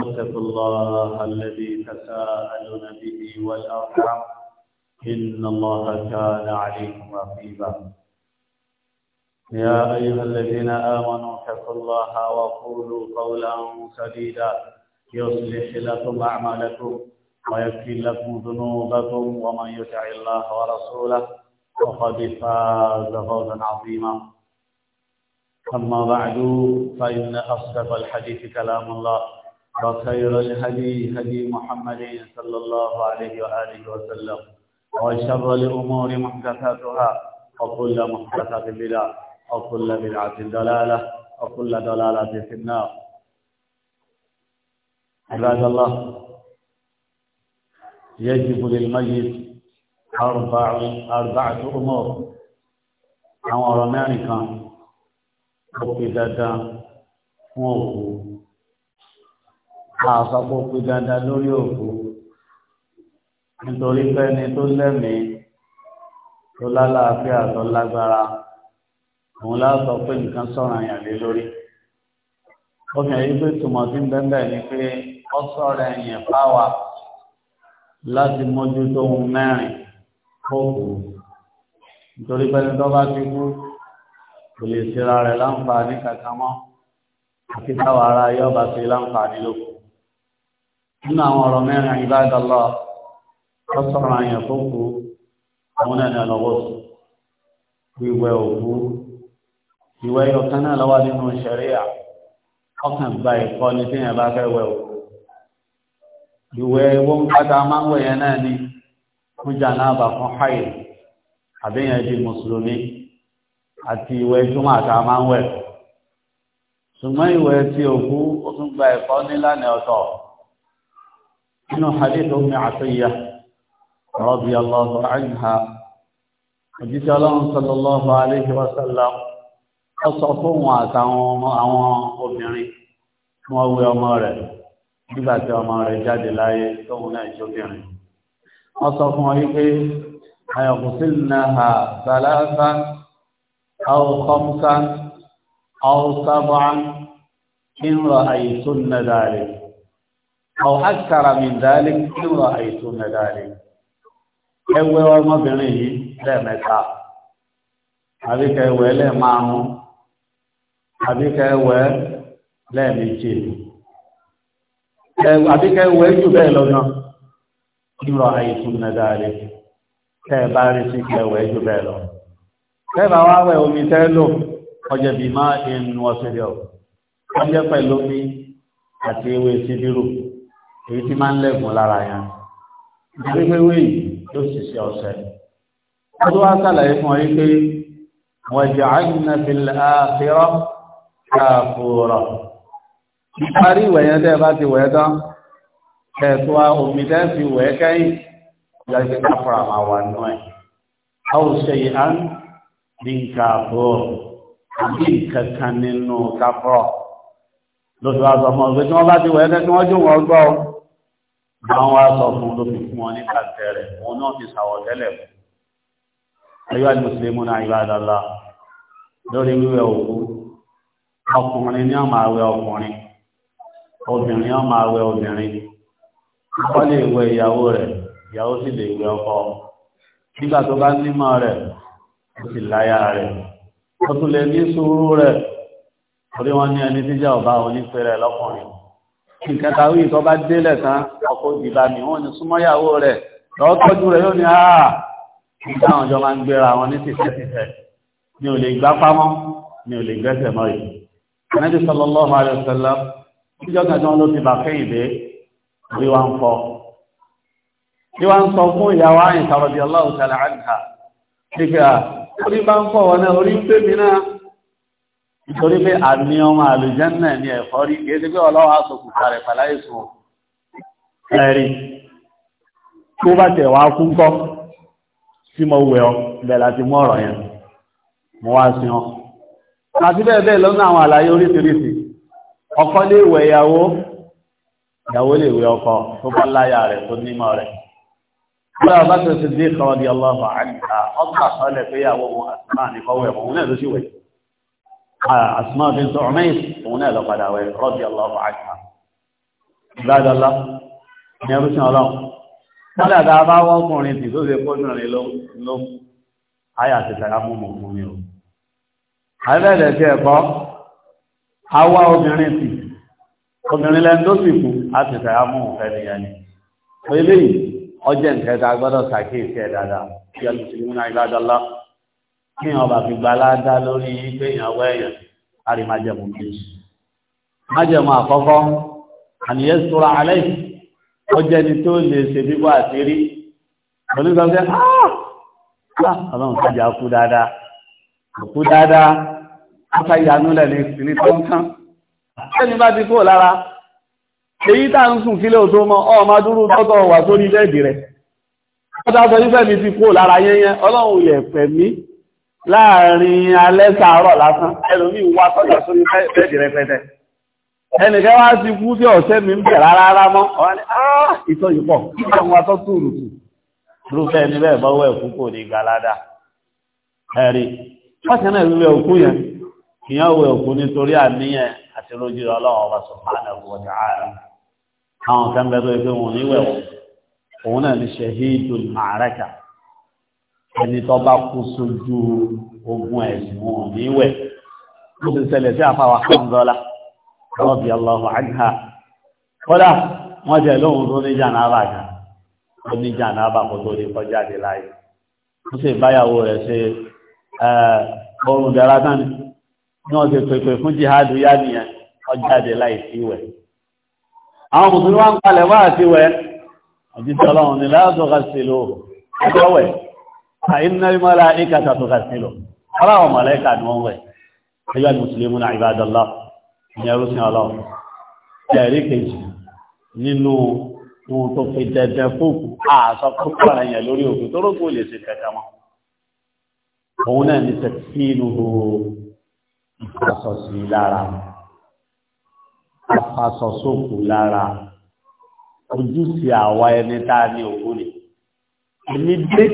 واتقوا الله الذي تساءلون به والأرحم إن الله كان عليكم رقيبا يا أيها الذين آمنوا اتقوا الله وقولوا قولا سديدا يصلح لكم أعمالكم ويكفر لكم ذنوبكم ومن يطع الله ورسوله فقد فاز فوزا عظيما أما بعد فإن أصدق الحديث كلام الله وخير الهدي هدي محمد صلى الله عليه وآله وسلم وشر الأمور محدثاتها وكل محدثة بدعة وكل بدعة ضلالة وكل ضلالة في النار عباد الله يجب للميت أربع أربعة أمور أمر رمانك وكذا فوق àsọpọ̀ pé dandan lórí òkú nítorí pé ẹni tó lẹ́mìí tó lálàáfíà tó lágbára òun láàsọ pé nǹkan sọ̀rọ̀ àyàn lé lórí obìnrin yìí pé tùmọ̀ sí ń bẹ́ẹ̀ ni pé ó sọ̀rọ̀ ẹ̀yìn fáwa láti mójútó ohun mẹ́rin kókò nítorí pé ẹni tó bá ti kú kò lè ṣera rẹ̀ láǹfààní kankan mọ́ àti táwa ara yóò bá ṣe láǹfààní lóko nínú àwọn ọ̀rọ̀ mẹ́rin ìbádọ́lá lọ́sọ̀rọ̀ àyàn tó kú àwọn ẹ̀nà lọ́wọ́ wíwẹ̀ òkú ìwẹ̀ ọ̀kan náà lọ́wọ́ nínú ṣẹ̀ríà ọkàn gba ìkọ́ ni tí yẹn bá fẹ́ wẹ̀ òkú ìwẹ̀ owó ń pátá máa ń wẹ̀ yẹn náà ni fún jàǹdà fún haid àbíyàn di mùsùlùmí àti ìwẹ̀ júmọ̀ àtà máa ń wẹ̀ ṣùgbọ́n ìwẹ̀ ti òkú ó tún gba ìkọ́ nílànà ọ̀tọ̀ nínú hadith omi àtúnyà radiyallahu anha òjíṣẹ́ ọlọ́run sallallahu alayhi wa sallam ó sọ fún wọn àtàwọn ọmọ àwọn obìnrin tí wọ́n wé ọmọ rẹ̀ nígbà tí ọmọ rẹ̀ jáde láyé tóun náà jóbìnrin wọ́n sọ fún wọn wípé ayọ̀kùsílùnáhà sàlásà aw khamsan aw sab'an in ra'aytunna dhalik ọ̀ ákàrà mi dálé kíwọ̀ àìtó mẹ́dálé ẹwẹ́ ọmọbìnrin yìí lẹ́ẹ̀mẹ́ta àbíkẹ́ ẹwẹ́ lẹ́ẹ̀márùn àbíkẹ́ ẹwẹ́ lẹ́ẹ̀méje àbíkẹ́ ẹwẹ́ jù bẹ́ẹ̀ lọ́nà kíwọ̀ àìtó mẹ́dálé tẹ́ẹ̀ bá lọ tẹ́ẹ̀bà wá wẹ̀ omi tẹ́ lò ọjẹ́ bí máa ń wọ́sílẹ̀ ọ̀ ọjẹ́ pẹ̀lú mi àti èyí tí máa ń lẹ́gùn lára yẹn nítorí pé wéyì ló sì ṣe ọ̀sẹ̀ ó tó wá sàlàyé fún ọ yí pé wàjà àyìnà fi àfẹ́rọ́ káàfùrọ̀ ìparí ìwẹ̀ yẹn tẹ́ bá ti wẹ̀ tán kẹ̀tọ́ omi tẹ́ fi wẹ̀ kẹ́yìn ìyáṣẹ́ káfàrà máa wà nù ẹ̀ a ò ṣe ìhà ní káàfùrọ̀ àbí kankan nínú káfàrọ̀ lọ́sọ̀rọ̀ àgbàmọ̀ ọ̀gbẹ́ tí wọ́n bá ti wẹ̀ tán kí wọ́n jó wọn gbọ́ ọ àwọn wá sọ fún ló fi fún wọn ní kàtẹ́ rẹ̀ wọn náà fi sàwọ̀ tẹ́lẹ̀ fún ayọ́ alìmùsùlùmí náà ìbádọ́lá lórí wíwẹ̀ òkú ọkùnrin ní ọmọ àwẹ̀ ọkùnrin obìnrin ọmọ àwẹ̀ obìnrin ọkọ lè wẹ̀ ìyàwó rẹ̀ ìyàwó sì lè wẹ̀ ọkọ nígbà tó bá nímọ̀ rẹ̀ ó sì láyà rẹ̀ ó tún lè ní sùúrù rẹ̀ torí wọn ní ẹni tíjà ọba onífẹ́ rẹ̀ nǹkan tàwí ìtọ́ bá délẹ̀ tán ọkọ̀ ìdìbà mi wọ́n ni súnmọ́yàwó rẹ̀ lọ́tọ́jú rẹ̀ yóò ní àà ìdáhùn jọ máa ń gbéra wọn ní tìfẹ́tìfẹ́ mi ò lè gbá pámọ́ mi ò lè gbẹ́sẹ̀ mọ́ yìí ẹnẹ́bí sallallahu alaihi wasallam níjọ́ kan tí wọ́n ló ti bà kẹ́yìn dé bí wọ́n ń fọ́ bí wọ́n ń sọ fún ìyàwó àyìn sàrọ̀dì ọlọ́run sàlẹ̀ àdìhà nígbà orí bá nítorí pé àmì ọmọ àlùjànnà ní ẹ̀fọ́rí kìí sí pé ọlọ́wọ́ àsòkùnkà rẹ̀ pàláyé sùn ẹ̀rí tó bá tẹ̀ wá fún kọ́ tí mo wẹ̀ ọ́ bẹ̀ láti mú ọ̀rọ̀ yẹn mo wá sí ọ́ àti bẹ́ẹ̀ bẹ́ẹ̀ lọ́nà àwọn àlàyé oríṣiríṣi ọkọ lè wẹ̀ ìyàwó ìyàwó lè wẹ̀ ọkọ tó bá láyà rẹ̀ tó nímọ̀ rẹ̀ Bọ́lá bá tẹ̀sí dé kọ́ di ọlọ́fà àgbà ọgbà Ah, Asma bint Umayr òun náà lọ́padà wẹ̀ radiyallahu anha ìbádọ́lá ní ẹrúsìn ọlọ́run kọ́lá tá a bá wọ́n ọkùnrin tì tó ṣe kọ́dùnrin ló ayà ti tara mú mọ̀ fún mi o àbẹ̀rẹ̀ tí kí èèyàn bá fi gbaládá lórí pé èèyàn wọ èèyàn láti májẹ̀mú méjì májẹ̀mú àkọ́kọ́ àníyẹ́ sọ́ra alẹ́ ọjọ́ ẹni tó lè ṣe bíbọ́ àti rí onígbàgbẹ́ ah! ah, ọlọ́run sájà kú dáadáa kú dáadáa ọ́fà ìyanu lẹ́ni ìsinmi tó ń tán ẹni bá ti kó lára èyí tá ń sùn kílé òtó mọ́ ọmọ dúró tọ́tọ̀ wà sórí lẹ́ẹ̀dì rẹ̀ ọ́tà sọ mi ti kó lára yẹnyẹn ọlọ́run yẹ̀ pẹ̀mí láàrin alẹ́ sàárọ̀ lásán ẹlòmí wà tọ́jọ́ sórí bẹ́ẹ̀dì rẹpẹtẹ ẹnìkẹ́ wá ti kú sí ọ̀sẹ́ mi ń bẹ̀ rárá mọ́ ọ̀rẹ́ ni àá ìtọ́ yìí pọ̀ àwọn atọ́ túùrù tù rúfẹ́ ní bẹ́ẹ̀ bọ́wọ́ ẹ̀kú kò ní galada ẹ̀rí fásitì náà wíwẹ̀ òkú yẹn ìyẹn wẹ̀ òkú nítorí àníyàn àti lójú ọlọ́run ọba subhanahu wa ta'ala àwọn kan bẹ́ẹ̀ tó yẹ pé wọn níwẹ̀ wọn òun náà ní shahidul ma'araka ẹni tó bá kú sójú ogun ẹ̀sìn wọn níwẹ̀ ó ti ṣẹlẹ̀ sí àfàwà kánzọ́lá rọ́bì aláwọ̀ àjíhà kódà wọ́n jẹ́ lóhun tó níjà náà bà kan ó níjà náà bà kó tó lè kọjá dé láyé ó sì báyàwó rẹ̀ ṣe ọrùn dára tán ni wọ́n ti pèpè fún jihadu yá nìyẹn ọjà dé láì sí ìwẹ̀ àwọn mùsùlùmí wá ń palẹ̀ wá àti ìwẹ̀ òjijì ni láàtọ̀ ká ọjọ́ wẹ̀ فإن الملائكة تغسله أرى ملائكة نووي أيها المسلمون عباد الله يا رسول الله يا ريكيج nínú ohun tó fi dẹ̀dẹ̀ fóòkù àṣọ púpọ̀ ẹ̀yẹ̀ lórí òkú tó rókù lè ṣe kẹta mọ́ òun náà ní tẹ̀síìnù ìfàṣọ̀sí lára afàṣọ̀sókù lára ojúṣe àwa ẹni tá a ní òkú ni èmi dé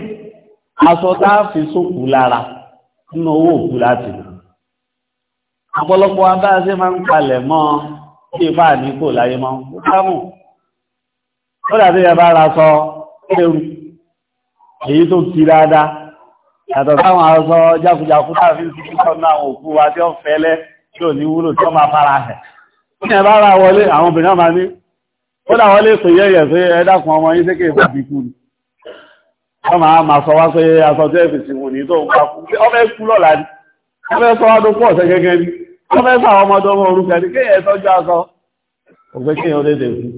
aṣọ tá a fi sókù lára nínú owó òkú láti lò ọ̀pọ̀lọpọ̀ abáṣe máa ń palẹ̀ mọ́ bí ipá àníkò láyé mọ́ ó dámù ó dàbí ẹ bá ra sọ ẹrù èyí tó ti dáadáa yàtọ̀ táwọn aṣọ jákujàku tàbí ìsìnkú sọ́nà àwọn òkú wa tí ó fẹ́lẹ́ tí ò ní wúlò tí ó máa fara hẹ̀ ní ẹ bá ra wọlé àwọn obìnrin máa ní ó dà wọlé pè yẹ̀yẹ̀ pé ẹ dákun ọmọ yín sékè ìfàbíkú ni wọ́n máa ma sọ wá pé aṣọ tí ẹ̀fì sí wọn ní tó ń pa fún pé ọmọ ẹkú lọ́la ni ọmọ ẹsọ wá tó pọ̀ ọ̀sẹ̀ gẹ́gẹ́ ni ọmọ ẹsọ àwọn ọmọdé ọmọ orúkọ ni kéèyàn tọ́jú aṣọ òfin kéèyàn lè dè fún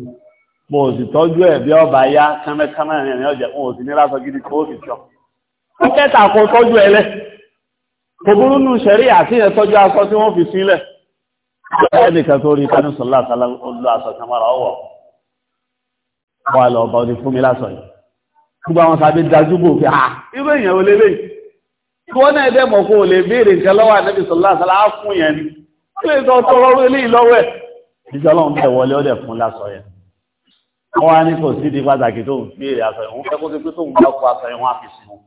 mo sì tọ́jú ẹ̀ bí ọba yá kámẹ́kámẹ́ rìn rìn ọ̀jẹ̀ mo sì ní lásọ gidi tó sì sọ. ó kẹta kó tọ́jú ẹ lẹ kò burú nù sẹ́rí àti gbogbo àwọn sàbí dájúbò fi ha ah, irú èèyàn ò lélẹ̀ kí wọ́n náà dẹ̀ mọ̀ kó o lè béèrè nǹkan lọ́wọ́ ànábì sọ̀lá sọ̀lá á fún yẹn ni kí lè sọ tọrọ ọrọ̀ eléyìí lọ́wọ́ ìjọ lọ́wọ́ bẹ̀ wọlé ọ̀dẹ̀ fún lásọ yẹn wọ́n á ní kò sí di pàtàkì tó ń béèrè aṣọ yẹn wọ́n fẹ́ kó ti pé tó ń dákú aṣọ yẹn wọ́n á fi sí wọn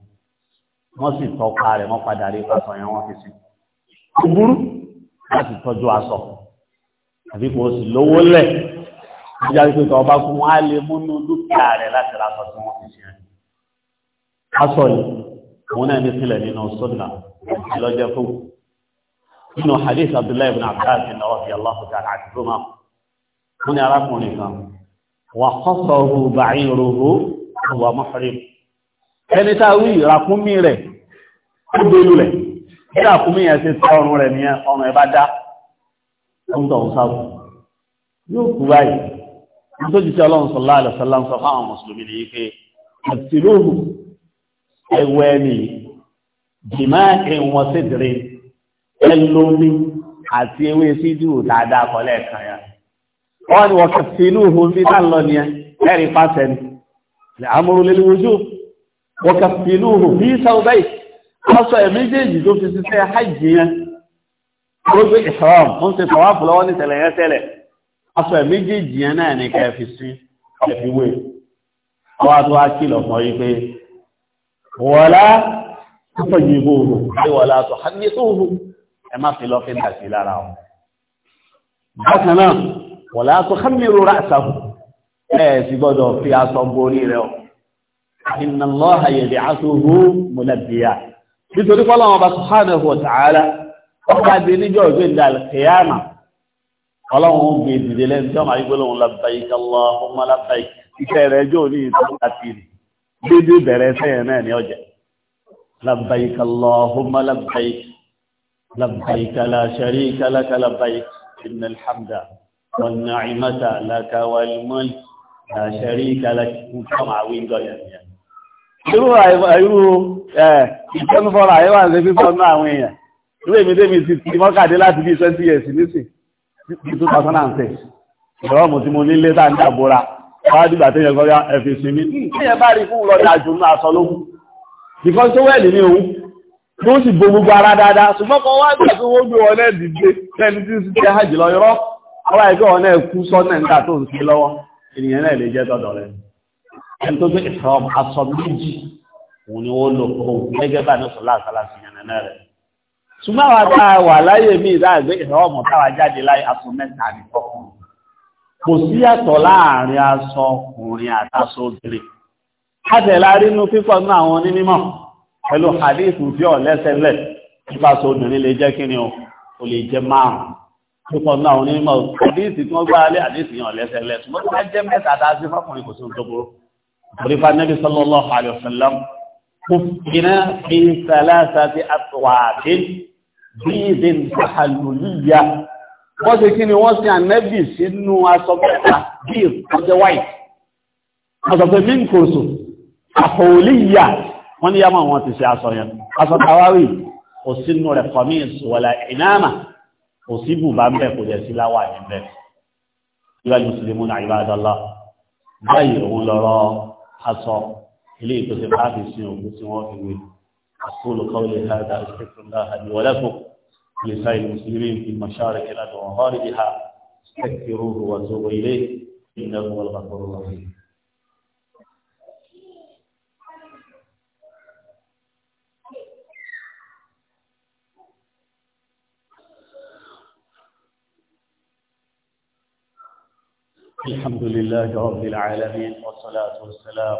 wọ́n sì tọ́pa rẹ̀ wọ́n padà rí aṣọ yẹn wọ́n fi sí kò burú láti tọ́jú aṣọ àbí kò sì lówó lẹ̀ nígbà tó ọba kú wọn á lè múnú dúkìá rẹ̀ láti ra aṣọ tí wọ́n fi sí yẹn aṣọ yìí òun náà ní sílẹ̀ nínú sunna lọ́jọ́ fún nínú hadith abdullahi ibn abbas ní ọ̀fi aláhùn tààrà àti roma wọn ni arákùnrin kan wà kọ́sọ̀rù ba'iruhu wà muhrim ẹni tá a wí ìràkúnmí rẹ̀ ó gbélú rẹ̀ ìràkúnmí yẹn ti ọrùn rẹ̀ nìyẹn ọrùn ẹ̀ dá ń tọ̀ ń ẹwẹ́ ni jìmá ìwọ̀n sídìrí ẹlómi àti ewé sídìú dáadáa kọ́lẹ̀ kan yá wọ́n ni wọ́n kà sí inú òhun bí náà lọ ni ẹ̀rí pàṣẹ ni àmúrúlélúwójú wọ́n kà sí inú òhun bí sáwọ́bẹ́yì aṣọ ẹ̀ méjèèjì tó fi ṣiṣẹ́ hajj yẹn gbogbo ìṣòro ń ṣe tọ́wáfù lọ́wọ́ ní tẹ̀lẹ̀ yẹn tẹ́lẹ̀ aṣọ ẹ̀ méjèèjì yẹn náà ní kẹ́ fi sí ẹ̀fíwé ọwọ́ àti wá kìlọ̀ mọ́ yí pé wọ́lá púpọ̀ yìí bóòrò àríwọ̀lá tó hàní tóòrò ẹ má fi lọ fi dà sí lára wọn bákan náà wọ́lá tó hàní rọra àṣàbù ẹ sì gbọ́dọ̀ fi aṣọ borí rẹ ọ inna Allaha yab'athuhu mulabbiya nítorí pọ́lọ́ wọn bá subhanahu wa ta'ala dédé bẹ̀rẹ̀ sẹ́yìn náà ní ọjà labbaik allahumma labbaik labbaik la sharika laka labbaik innal hamda wan ni'mata laka wal mulk la sharika laka kama awi ń gọyà ní ẹni. irú àìrú ìtẹ́nufọ́ra àìwá ń ṣe fífọ́ náà àwọn èèyàn irú èmi débi ti ti mọ́kàdé láti bí twenty years Fáàdìgbà tí yẹn kọ́rá ẹ̀fì sinmi, tí yẹn bá rí fún lọ́dá jù náà sọ lóhun. Bìkan tó wẹ́ẹ̀lì ní òun, tó sì bo gbogbo ara dáadáa, ṣùgbọ́n kan wá gbà tó wọ́n gbé wọn náà dìde lẹ́ni tí sì ti hajj lọ yọrọ. Àwọn ẹgbẹ́ wọn náà kú sọ́nà nígbà tó ń sí lọ́wọ́, ènìyàn náà lè jẹ́ tọ́dọ̀ rẹ̀. Ẹni tó gbé ìfọ̀m aṣọ méjì, òun ni wọ́n lò fún òun gẹ́gẹ́ bá ní sọ́lá àṣálà sí yẹn náà rẹ̀. Ṣùgbọ́n àwọn àgbà wà láyé mi ìdá ìfọ̀m kò sí yàtọ̀ láàrin aṣọ ọkùnrin àtàṣọ obìnrin kájẹ̀lá rínú pípọ̀ ní àwọn onímọ̀ pẹ̀lú hadithu bí ọ̀ lẹ́sẹ̀lẹ̀ nípasẹ̀ obìnrin lè jẹ́ kí ni o kò lè jẹ márùn pípọ̀ ní àwọn onímọ̀ hadithu tí wọ́n gbá alẹ́ hadithu yàn lẹ́sẹ̀lẹ̀ ṣùgbọ́n tó bá jẹ́ mẹ́ta àtàṣí fọkùnrin wọ́n ṣe kí ni wọ́n sin ànẹ́bì sínú aṣọ mẹ́ta bíi ọjọ́ white aṣọ pé mí kò sùn àpòòlì yà wọ́n ní yàmọ̀ wọn ti ṣe aṣọ yẹn aṣọ kò sínú rẹ̀ kọ́míìs wọ̀lá ìnáàmà kò sí bùbá ń bẹ̀ kò jẹ́ sí láwà níbẹ̀ لسائر المسلمين في مشارق ومغاربها استغفروه وتوبوا إليه إنه هو الغفور الرحيم الحمد لله رب العالمين والصلاة والسلام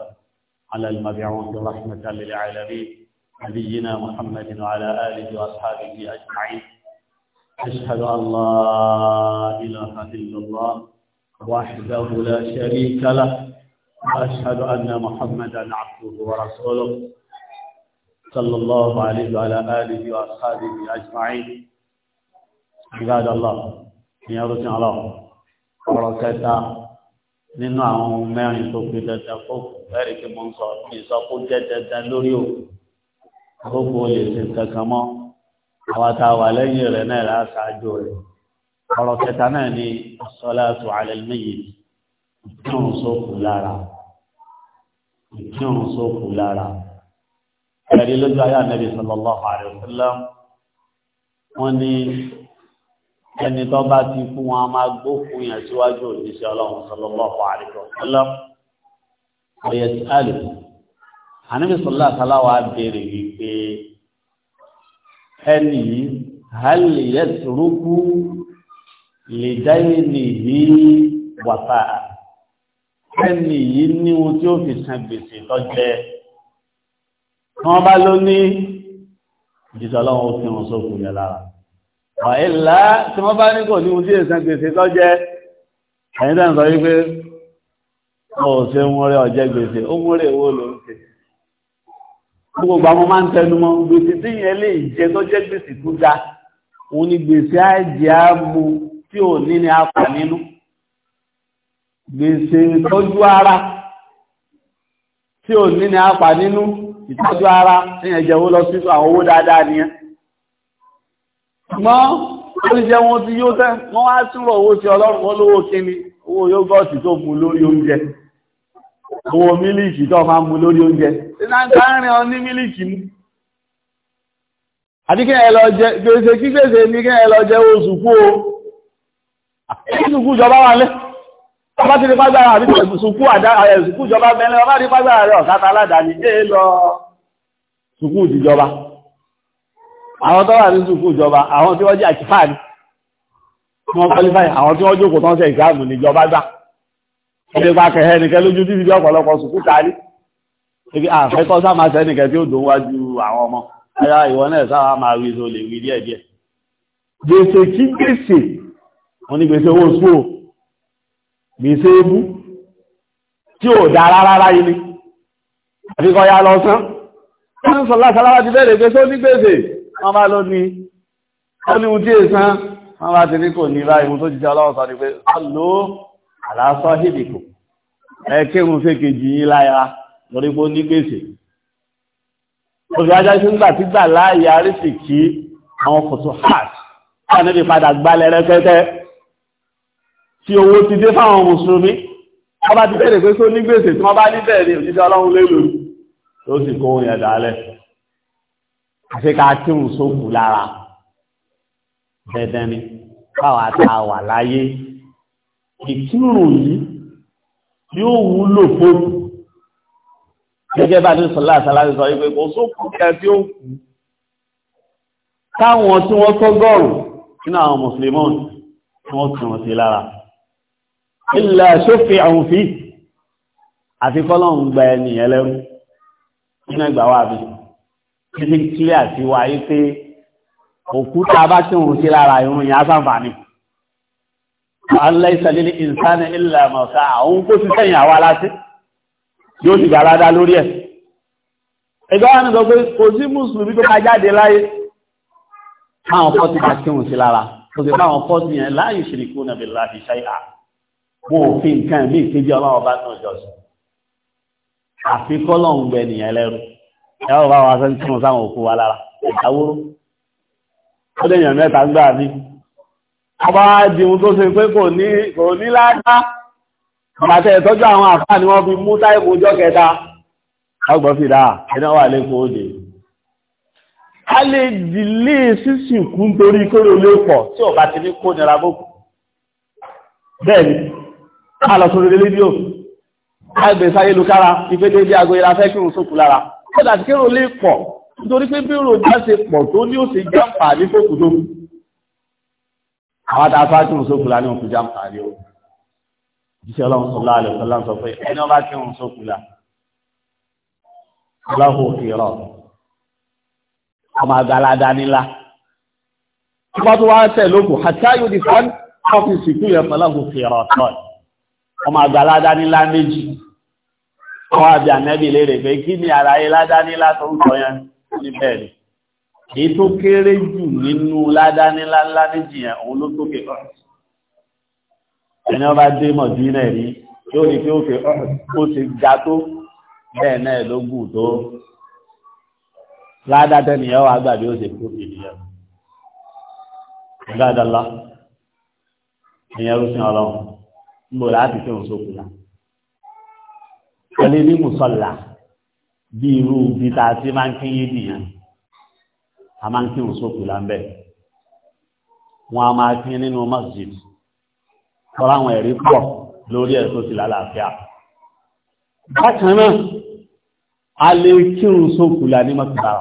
على المبعوث رحمة للعالمين نبينا محمد وعلى آله وأصحابه أجمعين أشهد أن لا إله إلا الله وحده لا شريك له وأشهد أن محمدا عبده ورسوله صلى الله عليه وعلى آله وأصحابه أجمعين عباد الله يا رسول الله ورسالته nínú àwọn mẹ́rin tó fi dandan kó ẹ̀rí kí mo ń sọ dandan lórí òkú gbogbo lè ṣe nǹkan kan mọ́ àwọn tá a wà lẹ́yìn rẹ̀ náà láṣáájú rẹ̀ ọ̀rọ̀ kẹta náà ni as-salatu ala al-mayyit ìkírun sókù lára ìkírun sókù lára ẹ̀rí lójú ayé ànábì sallallahu alaihi wasallam wọ́n ní ẹni tó bá ti fún wọn a máa gbófin yẹn síwájú òjíṣẹ́ ọlọ́run sallallahu alaihi wasallam ànábì sọlá àtàlà waa béèrè wípé ẹni yìí hàlì yẹ turuku lè dáyé nìyí wàtà ẹni yìí ní ohun tí ó fi san gbèsè lọ́jẹ́ tí wọ́n bá ló ní ìdíjọ́ ọlọ́run ó fi hàn sókùn yẹn lára ọ̀ẹ́lá tí wọ́n bá ní kò ní ohun tí èsàn gbèsè lọ́jẹ́ ẹ̀yìn tẹ́ ń sọ wípé ọ̀ọ́sẹ̀ ń wọlé ọ̀jẹ́ gbèsè ó múlẹ̀ owó ló ń ṣe gbogbo àwọn máa ń tẹnu mọ́ gbèsè tí yẹn lè jẹ tó jẹ́ gbèsè tó ga òun ni gbèsè àjẹ́ àmú tí ò ní ní apà nínú gbèsè ìtọ́jú ara tí ò ní ní apà nínú ìtọ́jú ara tí yẹn jẹ́ owó lọ sí àwọn owó dáadáa nìyẹn mọ́ oúnjẹ wọn ti yóò tẹ́ wọ́n wá túnrọ̀ owó ti ọlọ́run wọn lówó kíni owó yóò gọ́ọ̀tì tó mú lórí oúnjẹ owó mílìkì tó máa mú lórí oúnjẹ ìdáǹkárin ọ ní mílìkì mú àti kí ẹlọ jẹ gbèsè kí gbèsè o oṣùkú jọba wà lẹ́ ọba ti rí pàgbára àbí oṣùkú jọba bẹ́lẹ̀ ọba rí pàgbára rẹ̀ ọ̀sáta aládàáni ẹ lọ ṣùkú ìjọba àwọn tó wà ní ṣùkú ìjọba àwọn tí wọ́n jẹ́ àkífà ní wọ́n kọlífà àwọn tí wọ́n jókòó tán ilé pa kẹ̀hẹ́ nìkẹ́ lójú títí ọ̀pọ̀lọpọ̀ sùkú kárí ibi àfẹ́kọ́ sáma sẹ́ tí ó dùn wájú àwọn ọmọ ẹ̀yà ìwọ náà sáwà máa rí so rí díẹ̀ díẹ̀ gbèsè kí gbèsè wọn ni gbèsè owó sùúrù gbèsè ebú tí ò dá rárá yìí ni àfikọ́ ya lọ sán wọ́n sọ lásàlára ti bẹ̀rẹ̀ pé só ní gbèsè wọ́n bá ló ní ó ní ohun tí èsán wọ́n bá ti ní kò ní ráyìí mú tó jíjẹ́ ọlọ́wọ́ sọ ni pé ọlọ́ọ̀ àlàsọ hìbìkù ẹ kírun fèkejì yín láyà lórí pé ó ní gbèsè oṣù ajá sí nígbà tí gbà láàyè àrísìkí àwọn kòtò hajj wà níbi padà gbalẹ̀ rẹpẹtẹ tí owó ti dé fáwọn mùsùlùmí wọ́n bá ti bẹ̀rẹ̀ pé tó ní gbèsè tí wọ́n bá ní bẹ̀rẹ̀ ní òjíṣẹ́ ọlọ́run lélo tó sì kó ohun ẹ̀dá alẹ́ àti ká kírun sókù lára dandan ni báwa ta wà láyé ìkírùn yìí yóò wúlò fún gẹ́gẹ́ bá ní sọ́lá àsálàrí sọ wípé kò sókùn kẹ tí ó kù táwọn tí wọ́n tọ́gọ́rùn nínú àwọn mùsùlùmí tí wọ́n kì wọ́n sí lára ilẹ̀ sófin àwọn fi àti kọ́lọ́n gba ẹni ẹlẹ́rú nínú ẹgbà wà bí títí kílẹ̀ àti wáyé pé òkúta bá tí wọ́n sí lára ìrùn yà aláìsà lílé ìsáni ilẹ̀ mọ̀sá àwọn kó ti sẹ́yìn àwọn aláṣẹ́ yóò ti gbàládá lórí ẹ̀. ẹgbẹ́ wọn nìkan pé kò sí mùsùlùmí tó ká jáde láyé káwọn fọ́tí ká kí wọn sí lára tó sì káwọn fọ́tí yẹn láàyè ṣìrìkú nàbí láti ṣe à wọn ò fi nǹkan mí mí ọba dìhun tó ṣe pé kò ní ládá àbàtẹ̀ ìtọ́jú àwọn àfáà ni wọ́n fi mú táìpù ọjọ́ kẹta ọgbọ̀n fìdá ẹ̀nà wà lẹ́kọ̀ọ́ òde a lè dìlé sísìnkú nítorí kóró lépọ̀ tí ọba ti ní kó nira bókù bẹ́ẹ̀ni a lọ sórí rédíò àìbẹ̀ sáyé lukára ìfẹ́dé bí aago ìlà fẹ́ kírun sókù lára kódà tí kérò lè pọ̀ nítorí pé bí ròjá ṣe pọ̀ tó ní ó ṣe jẹ́ àǹfààní fókù àwọn tá a fà kí nsókù la ní òkú já nkàrí o jíṣẹ́ ọlọ́run sọ láàlẹ́ ọ̀sọ́lá sọ pé ẹni ọba kí nsókù la ọlọ́run òkè rọ ọmọ àgbàlagà nílá wọ́n tún wá tẹ̀ lókù àti ayò di fún ọ́fíìsì kú yẹn ọlọ́run òkè rọ tọ́ ọmọ àgbàlagà nílá méjì wọ́n àbí ànẹ́bí léèrè pé kí ni àlàyé ládá nílá tó ń sọ yẹn níbẹ̀ ni èyí tó kéré jù nínú ládáníláńlá méjì yẹn òun ló tókè ọ̀hún ẹni ọba dé mọ̀dínà rí yóò ní pé ó fi ọ̀hún ó ti ga tó bẹ́ẹ̀ náà ló gùn tó ládàtẹ́ nìyẹn wà gbàdé ó sì kú nìyẹn ìgbàdàlá ìyẹn ló sin ọlọ́run ń bò láti fi òun sókè la ẹni ní mùsọ̀là bí irú bí ta sí máa ń kíyìn nìyẹn a máa ń kí wọn sókè láńbẹ wọn a máa kí nínú masjid kọ́ra àwọn ẹ̀rí pọ̀ lórí ẹ̀ tó ti lálàáfíà bákan náà a lè kí wọn sókè lá ní mọ́tàrà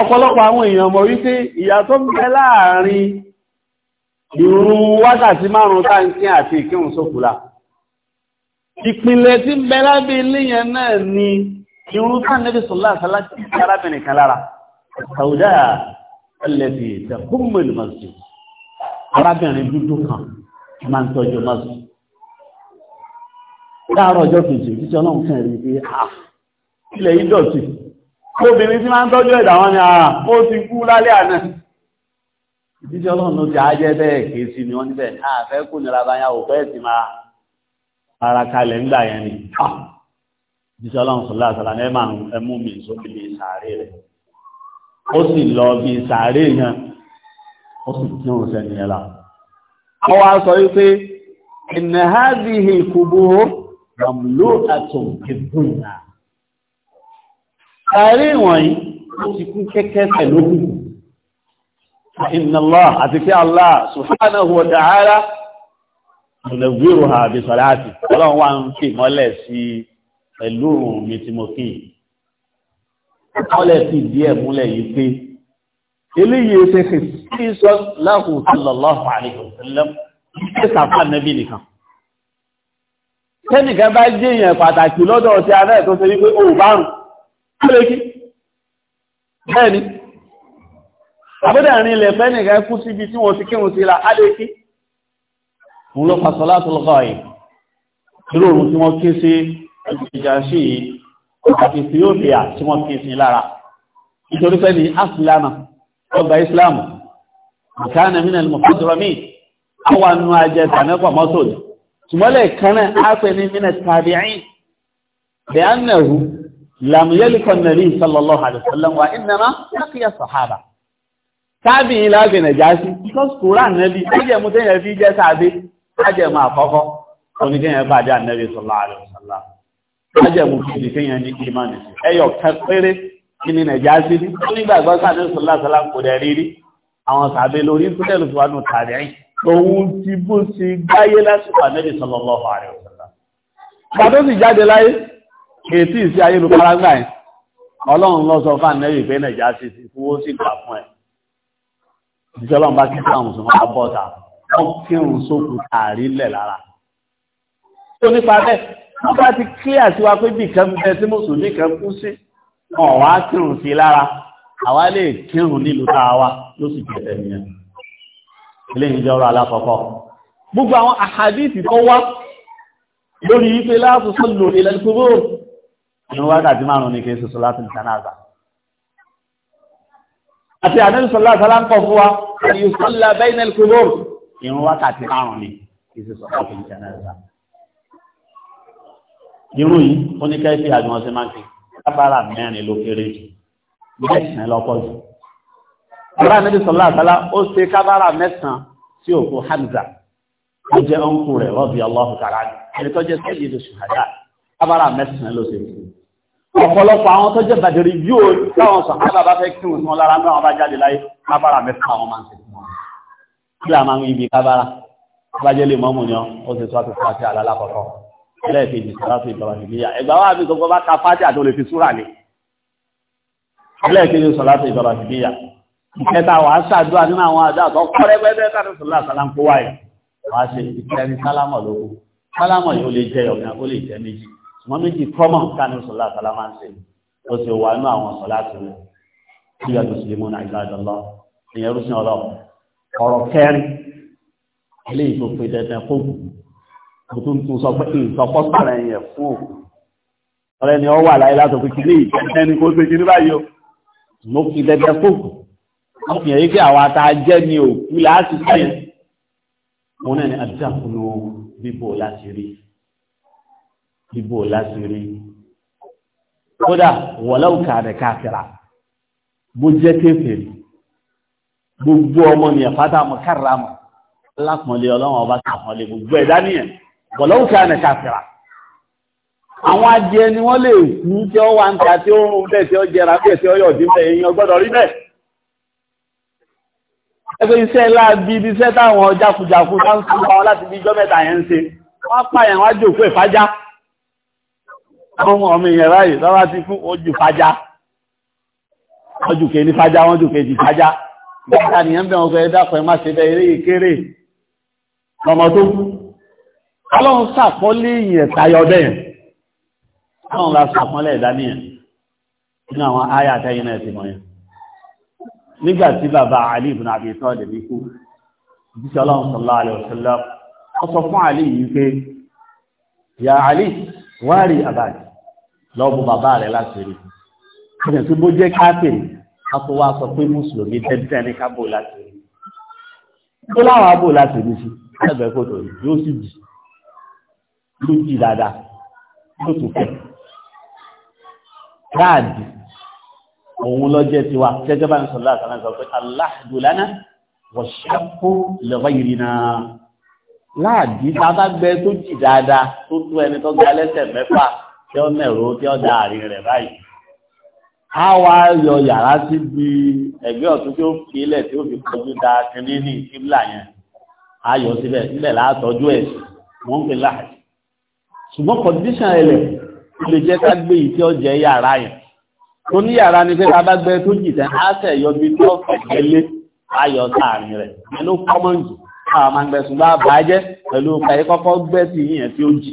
ọ̀pọ̀lọpọ̀ àwọn èèyàn mọ̀ wípé ìyàtọ̀ bẹ láàrin ìrun wákàtí márùn-ún táǹkì àti ìkírun sókùlà ìpínlẹ̀ tí bẹ lábẹ́ náà ni ìrun táǹkì sọ̀lá àtàlá tí arábìnrin kan lára السوداء التي تقم المسجد arábìnrin dúdú kan máa ń tọ́jú mọ́sí láàárọ̀ ọjọ́ kejì títí ọlọ́run fẹ́ rí pé à ilẹ̀ yìí dọ̀tí obìnrin tí máa ń tọ́jú ẹ̀dà wọn ni àà ó ti kú lálẹ́ àná ọlọ́run ló ti ajẹ́ bẹ́ẹ̀ sí ni wọ́n níbẹ̀ fẹ́ máa ara kalẹ̀ ńgbà yẹn ni ọlọ́run ẹ máa ń mú mi sókè ní sàárè rẹ̀ ó sì lọ bí sàárè yẹn ó sì tí ó sẹ́ni ẹ̀lá ọ wá sọ wípé ìnàhádìí ìkúbúrú ramló àtùn ìbúnyà sàárè wọ̀nyí ó ti kú kẹ́kẹ́ pẹ̀lú ìnàlá àti kí Allah subhanahu wa ta'ala nùlẹ̀wérò ha bí sọ̀láàtì ọlọ́run wá ń fi mọ́lẹ̀ sí pẹ̀lú mi tí mo kí wọ́n lè fi ìdí ẹ̀ múlẹ̀ yìí pé eléyìí ṣe fi sí sọ láhùn sallallahu alaihi wasallam ṣe sàfà nẹ́bí nìkan tẹ́nìkan bá jẹ́ èèyàn pàtàkì lọ́dọ̀ ọ̀tí ara ẹ̀ tó ṣe wípé ó bá rùn ó lè kí bẹ́ẹ̀ ni àbúdà rìn ilẹ̀ fẹ́nìkan kú síbi tí wọ́n ti kírun sí la á lè kí òun ló fa sọlá tó lọ́kọ̀ òun tí wọ́n ké sí ìjà sí yìí àti ethiopia tí wọ́n fi sin lára nítorí pé ní asilama ọgbà islam nǹkan àmì náà mọ̀fún tó rọmí àwọn anú ajẹ tànẹ́pọ̀ mọ́tò ní tùmọ́lẹ̀ kan náà á pè ní mínà tàbíyìn bí a nẹ̀hu làmúyẹ́lìkọ̀ nàbí sallallahu alaihi wasallam wa innama lákìyà sàhábà tábì yìí lábì nàìjásí because quran nàbí ajẹ̀mú tẹ́yẹ̀ fi májẹ̀mú kejì kéèyàn ní ìmánì ẹyọ kan péré kí ni nàìjíríà sí ní ó nígbàgbọ́ sáàdé sọlá sọlá kò dẹ̀ rírí àwọn sàbẹ̀ lórí ìpínlẹ̀ lùsùwánù tàbí ẹ̀yìn òun ti bó ti gbáyé lásìkò ànẹ́bì sallallahu alaihi wasallam pàtó sì jáde láyé kèétí sí ayélujára gbà yẹn ọlọ́run lọ sọ fún ànẹ́bì pé nàìjíríà sí ti fowó sí gbà fún ẹ̀ ìjọlọ́run bá kí sáà wọ́n bá ti kí àtiwá pé bí kan bẹ tí mùsùlùmí kan kú sí ọ̀wá kírun sí lára àwa lè kírun nílùú tàwa ló sì kẹsẹ̀ nìyẹn eléyìí jọrọ alákọ̀ọ́kọ́ gbogbo àwọn àhàdìsì tó wá lórí wípé láàtò sọ́lò ìlẹ́lẹ́kúrò ní wákàtí márùn-ún ní kéèsù sọ́látì ìtànàzà àti àdínú sọ́látì aláǹkọ̀ fún wa ní ìsọ́lá bẹ́ẹ̀nẹ́lẹ́kúrò ní wákàtí márùn-ún ní kéèsù sọ́látì ìtànàzà irun yìí ó ní kẹ́sì àjùmọ̀ sí máa ń fi kábàárà mẹ́rin ló kéré jù mẹ́sàn-án lọ́pọ̀ jù. ọ̀rọ̀ àmì sọ̀lá àtàlá ó ṣe kábàárà mẹ́sàn-án sí òkú Hamza ó jẹ́ ọ̀nkù rẹ̀ rọ́bì ọlọ́hùn kàrá ẹni tó jẹ́ sẹ́yìn ìlú ṣùhàdá kábàárà mẹ́sàn-án ló ṣe fún un. ọ̀pọ̀lọpọ̀ àwọn tó jẹ́ bàdìrí yóò táwọn sọ hábà bá fẹ́ kí wọn sọ lára náà wọn bá jáde láyé kábàárà mẹ́sàn wọn máa ń ṣe wọn. kí làwọn ibi kábàárà bá jẹ́ lè mọ́mù ni ó ṣe sọ́ọ́ fún àti àlálà kọ̀ọ̀kan ẹlẹ́ẹ̀kejì sọ́láṣọ ìbọ̀rọ̀hìmíyà ẹgbà wà bí gbogbo bá ka fájà tó lè fi súrà ní ẹlẹ́ẹ̀kejì sọ́láṣọ ìbọ̀rọ̀hìmíyà ìkẹta wà á ṣàdúrà nínú àwọn àdá tó kọ́rẹ́ pẹ́ẹ́pẹ́ káàdùn sọ́lá sálámkó wáyé wà á ṣe ìkẹrin sálámọ̀ lóko sálámọ̀ yóò lè jẹ ọ̀gá ó lè jẹ méjì ṣùgbọ́n méjì kọ́mọ̀ káàdùn sọ́lá sálámà ń ṣe ó ṣe wà nínú àwọn sọ́lá tuntun sọ pé ìsọpọ̀ sọ̀rọ̀ ẹ̀yẹ fún òkú ọ̀rẹ́ ni ọ wà láyé látọ̀ pé kí ní ìtẹ́tẹ́ ni kó ṣe kí ní báyìí o mo fi dẹdẹ fòkù wọ́n fi hàn yí pé àwọn àtàjẹ́ ni òkú láti sẹ́yìn mo náà ní àdìsàkúnú bíbò láti rí bíbò láti rí kódà wọ̀lẹ́wù kàdé káfíra bó jẹ́ kéfèrè gbogbo ọmọ nìyẹn fátàmù káràmù alákùnrin ọlọ́run ọba kàpọ̀lẹ̀ gbogbo ẹ̀dá nìyẹn bọ̀lọ́wùsí ànàṣàfìrà àwọn adìẹ ni wọ́n lè kú tí ó wà ń ta tí ó rún bẹ́ẹ̀ tí ó jẹra bẹ́ẹ̀ tí ó yọ̀ dín bẹ́ẹ̀ èèyàn gbọ́dọ̀ rí bẹ́ẹ̀ ẹgbẹ́ iṣẹ́ láàbí ibi iṣẹ́ táwọn jákujàku sáńsán wọn láti bí ijọ́ mẹ́ta yẹn ń ṣe wọ́n pààyàn wá jòkó ìfájá ọmọ ọmọ èèyàn ráyè lọ́wọ́ ti fún ojú fájá wọ́n jù kéèní fájá wọ́n jù kéèjì fájá dáadáa nìyẹn bẹ́ẹ̀ wọn fẹ́ dákọ̀ ẹ ṣe bẹ́ẹ̀ eré ìkéré lọ́mọ tó kú ọlọ́run sàpọ́lé yẹn tayọ bẹ́ẹ̀ ọlọ́run la sàpọ́lé ìdáníyàn nínú àwọn ayé àtẹ́yìn náà ti mọ̀ yẹn nígbà tí bàbá Ali ibn Abi Talib ní kú jíṣẹ́ ọlọ́run sallallahu alaihi wasallam ó sọ fún Ali yìí pé ya Ali wárí àbájì lọ́bù bàbá rẹ̀ láti rí ẹ̀sìn tí bó jẹ́ káàkiri a sọ pé mùsùlùmí tẹ́tẹ́ ní kábò láti rí tó láwọn abò láti rí sí ẹgbẹ́ kò yóò sì jì ló jì dáadáa ló tún fẹ́ káàdì òun lọ́jẹ́ tiwa gẹ́gẹ́ bá ń sọ láti àwọn ìsọ̀rọ̀ pé aláàdù lánà wọ̀ṣẹ́kù lọ́wọ́ ìrìnà láàdì tá a bá gbẹ tó jì dáadáa tó tó ẹni tó gba ẹlẹ́sẹ̀ mẹ́fà tí ó mẹ̀rọ tí ó da àárín rẹ̀ báyìí a wá yọ yàrá síbi ẹ̀gbẹ́ ọ̀tún tí ó fi ilẹ̀ tí ó fi kọjú da kínní ní kíbla yẹn a yọ síbẹ̀ síbẹ̀ látọ́jú ẹ̀ wọ́n ń láàdì ṣùgbọ́n condition ẹlẹ̀ lè jẹ́ ká gbé yìí tí ó jẹ́ yàrá yẹn tó ní yàrá ni pé ká bá gbẹ tó jì tẹ́ á tẹ̀ yọ bí tó fẹ̀gbẹ́ lé ayọ̀ sáàrin rẹ̀ ẹnu kọ́mọ̀n jù àwọn máa ń gbẹ̀sùn bá bàájẹ́ pẹ̀lú kàyé kọ́kọ́ gbẹ́ sí yìnyẹn tí ó jì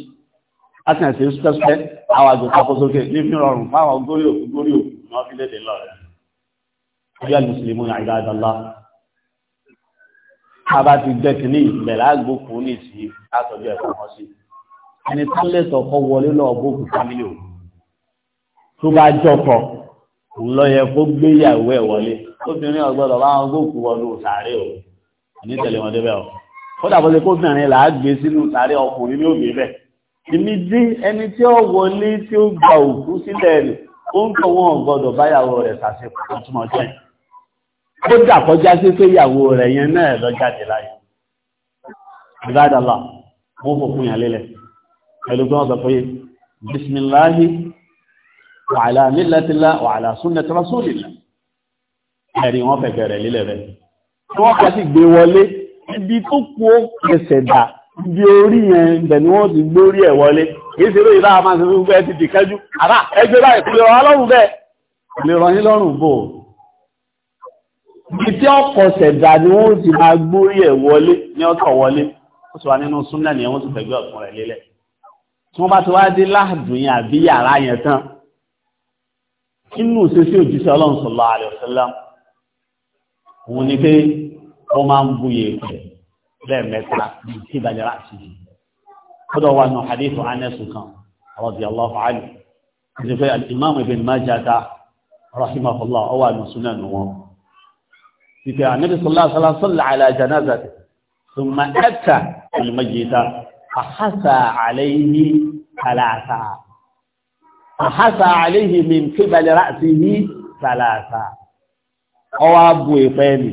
á sì ṣe sẹ́sẹ́ àwọn àjò tako sókè ní fi rọrùn fáwọn górí òkú górí òkú ní wọ́n fi léde lọ rẹ̀ ọjọ́ mùsùlùmí àgbà àdàlá a bá ti gbẹ́ kìíní ìbẹ̀lá gbókùn ní ìsìn látọ̀jọ́ ẹ̀fọ́ wọn sí i ẹni tó lẹ́tọ̀ kọ́ wọlé lọ́wọ́ bókù fámílì òun tó bá jọkọ̀ òun lọ yẹ kó gbéyàwó ẹ̀ wọlé obìnrin ọ̀gbọ́dọ̀ bá wọn bókù wọlé sàárẹ̀ o àní tẹ̀lé wọn débẹ̀ o kódà bó ṣe kó obìnrin là á gbé sínú sàárẹ̀ ọkùnrin ní òbí bẹ̀ èmi dín ẹni tí ó wọlé tí ó gba òkú sílẹ̀ rẹ̀ ó ń tọ́ wọn ọ̀gbọ́dọ̀ báyàwó rẹ̀ sàṣepọ̀ tó túmọ̀ jẹ́ kódà sí pé ìyàwó rẹ̀ yẹn náà lọ jáde láyé ìbádàlá wọn fòkun yàn lélẹ̀ pẹ̀lú gbọ́n sọ pé bisimilahi wa ala millatillah wa ala sunnati rasulillah ẹ̀rí wọn fẹ̀fẹ̀ rẹ̀ lílẹ̀ rẹ̀ tí wọ́n kà sí gbé wọlé ibi tó kú ó kẹsẹ̀ dà ibi orí yẹn ibẹ̀ ni wọ́n ti gbé orí ẹ̀ wọlé kìí ṣe lóyìn láàmà sí fún bẹ́ẹ̀ ti dì kájú àrà ẹgbẹ́ báyìí kò lè rọ lọ́rùn bẹ́ẹ̀ kò lè rọ yín lọ́rùn bò ibi tí ọkọ̀ ṣẹ̀dá ni wọ́n ti máa gbórí ẹ̀ wọlé ní ọ̀tọ̀ wọlé ó sì wà nínú súnlẹ̀ ni wọ́n ti fẹ̀gbẹ́ ọ̀tún rẹ̀ lélẹ̀ tí wọ́n bá ti wá dé láàdùn yẹn àbí yàrá yẹn tán inú ìṣesí òjíṣẹ́ ọlọ́run sallallahu alaihi wasallam òun ni pé wọ́n máa ń bu yèèpẹ̀ lẹ́ẹ̀mẹ́ta bíi tí ìbàjẹ́ láti yìí kódà wà nù hadith Anas kan radiyallahu anhu àti pé al-Imam Ibn Majah rahimahullah ọwà nù sunan wọn ìpè Ànábì sallallahu alaihi wasallam ala janazati thumma ata al-mayyita àhásà àléhì kàlàtà àhásà àléhì mi kébàlẹ̀ láti yí kàlàtà ọwọ́ abu ìpẹ́ mi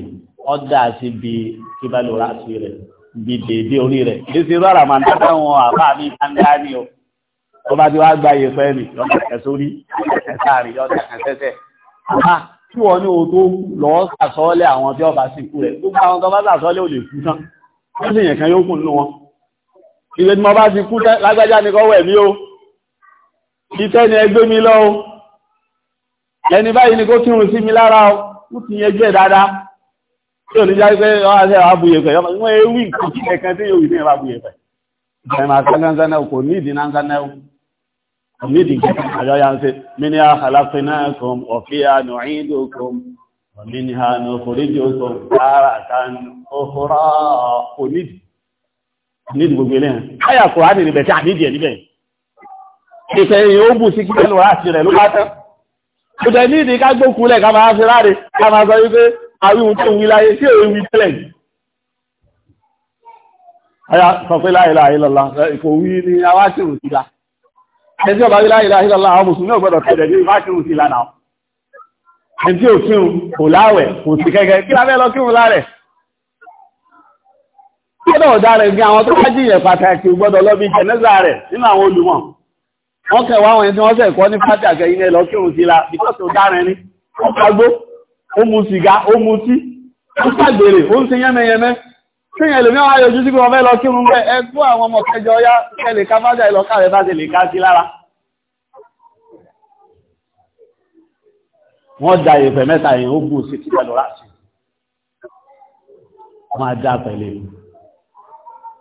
ọ̀dà sí bi kébàlẹ̀ láti rẹ̀ bi dèédé orí rẹ̀ lẹ́sìn rárá màá dábàá wọn àbá mi kánká ni o tó bá ti wá gba ìpẹ́ mi lọ́dà kẹsórí kẹsà rí lọ́dà kẹsẹ́sẹ́ tí wọ́n ní ohun tó lọ sàsọ́ọ́lẹ̀ àwọn tí ọba sì kú rẹ̀ gbogbo àwọn tó bá sàsọ́ọ́lẹ̀ ò lè kú tán wọ́n sì yẹ̀kan yóò kùn nínú wọn ìwé tí mo bá ti kú lágbájá ni kọ́ wẹ̀ mí o ìtẹ́ ni ẹgbẹ́ mi lọ o ẹni báyìí ni kó kírun sí mi lára o ó ti yẹn jẹ́ dáadáa tí ò ní jáde pé ọ́ àṣẹ àwọn abuyẹ pẹ̀ wọ́n ewì nǹkan kí ẹ̀kan tí yóò wí ní ẹ̀rọ abuyẹ pẹ̀ ìgbẹ̀rún àti ẹ̀ńsánná kò ní ìdí náńsánná o kò ní ìdí àjọ ya ń ṣe mí ní khalaqnakum wa fiha nu'idukum wa minha nukhrijukum taratan ukhra kò ní ìdí nídìí gbogbo eléyàn káyà kò hánì níbẹ̀ tí a nídìí ẹ̀ níbẹ̀ ìfẹ́ yìí ó bù sí kí pẹ̀lú àti rẹ̀ ló bá tán kò tẹ̀ nídìí ká gbókùnlẹ̀ ká máa fi láre ká máa sọ wípé àwíhun tó wí láyé tí èwe wí tẹ́lẹ̀ jù aya sọ pé láyé láyé lọ́la kò wí ní awáṣírù sí la ẹni tí ọba wí láyé láyé lọ́la àwọn mùsùlùmí ọgbọ́dọ̀ tẹ̀lẹ̀ ní awáṣírù sí la náà ẹni tí ò kírun kò láwẹ̀ kò sí kẹ́kẹ́ kí la fẹ́ lọ kírun Kọ́dọ̀ ọ̀darẹ̀ bí àwọn tó bá jìyàn pàtàkì gbọ́dọ̀ lọ́bí jẹ̀nẹ́sà rẹ̀ nínú àwọn olùmọ̀. Wọ́n kẹwàá àwọn ẹni tí wọ́n sẹ̀ kọ́ ní pátí àkẹyìn ẹlọ sí lára. Wọ́n da ìfẹ̀ mẹ́ta yìí sí títẹ̀ lọ́ra sí. Wọ́n á dá pẹ̀lẹ́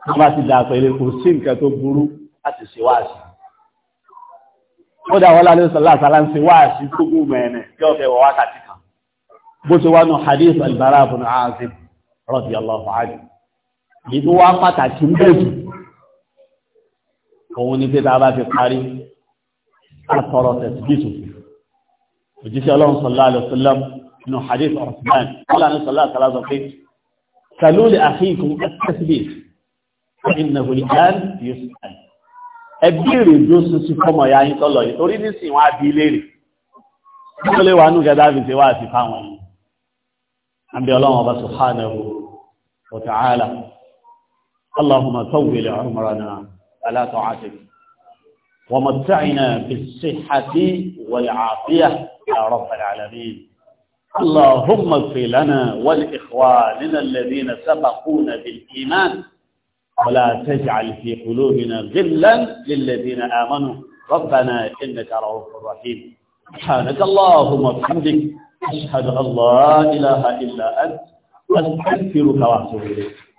wọ́n bá ti dà pẹ̀lú kò sí nǹkan tó burú láti ṣe wáàsí. ó dà wọ́n lálẹ́ sọ́lá àtàlá ń ṣe wáàsí gbogbo mẹ́ẹ̀nẹ̀ kí ọ̀fẹ́ wọ wákàtí kan bó ti wá nù hadith albara ibn azib radiyallahu anhu èyí tó wá pàtàkì ń bẹ̀rù òun ni pé tá a bá fi parí àtọ̀rọ̀ tẹ̀síbìtì òjíṣẹ́ ọlọ́run sọ̀lá àlọ́sọ̀lám nù hadith ọ̀sùnmán ọlọ́run sọ̀lá àtàlá sọ pé ìnáwó ìyáàlì yóò sì àyè ẹbí ìrèdó sísun fọmọ ya yín tọlọ yìí torí nísìn wọn àbí léèrè wọn lè wà nù gẹdá fi ṣe wá àti fáwọn yìí àbí Ọlọ́run ọba subhanahu wa ta'ala اللهم طول عمرنا على طاعتك ولا تجعل في قلوبنا غلا للذين آمنوا ربنا إنك رؤوف رحيم سبحانك اللهم وبحمدك أشهد أن لا إله إلا أنت أستغفرك وأتوب إليك